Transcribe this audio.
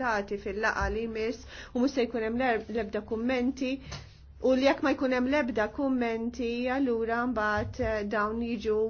tati fil-laqa li mis u musa se jkunem lebda kummenti u li jekk ma jkunem lebda kummenti allura mbagħad eh, dawn jiġu